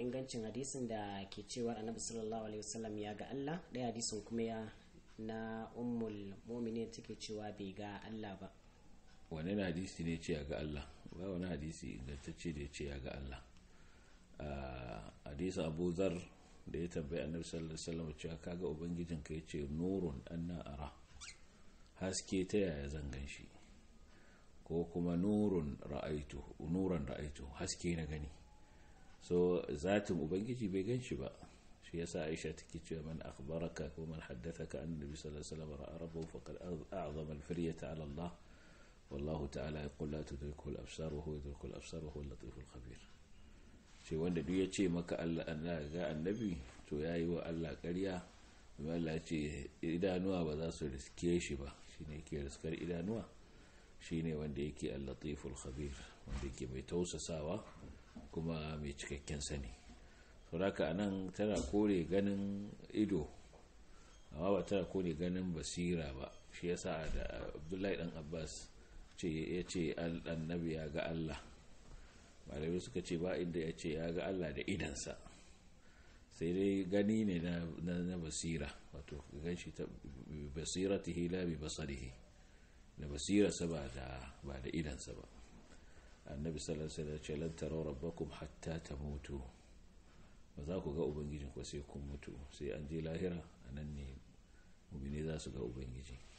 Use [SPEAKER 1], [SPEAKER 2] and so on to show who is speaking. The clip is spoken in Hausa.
[SPEAKER 1] ingancin hadisin da ke cewar annabi sallallahu alaihi wasallam ya ga Allah ɗaya hadisin kuma ya na ummul mu'mini take cewa bai ga Allah ba
[SPEAKER 2] wani hadisi ne ce ya ga Allah ba wani hadisi da ya ce ya ga Allah ah, hadisi Abu Zar da ya tambayi annabi sallallahu alaihi wasallam cewa kaga ubangijin ka yace nurun anna ara haske ta yaya zan ganshi ko kuma nurun ra'aitu nuran ra'aitu haske na gani so zatin ubangiji bai gan shi ba shi yasa aisha take cewa man akhbaraka ko man haddathaka annabi sallallahu alaihi wasallam ra'a rabbahu faqad a'zama al-firyata 'ala Allah wallahu ta'ala yaqul la tudriku al-absar wa huwa yudriku al-absar wa huwa al-latif al-khabir wanda duk ya ce maka Allah Allah ga annabi to yayi wa Allah ƙarya kuma Allah ce idanuwa ba za su riske shi ba shine yake riskar idanuwa shine wanda yake al-latif al-khabir wanda yake mai tausasawa kuma mai cikakken sani sauraka a nan tana kore ganin ido amma ba tana kore ganin basira ba shi yasa da abdullahi dan abbas ya ce annabi ya ga allah malamai suka ce ba inda ya ce ya ga allah da idansa sai dai gani ne na basira wato gan shi ta basira ta hila bi basarihi da basirarsa ba da idansa ba annabi sallallahu alaihi wasallam ce lan rabbakum hatta tamutu ba za ku ga ubangijin ku sai kun mutu sai an je lahira anan ne mu'mini za su ga ubangiji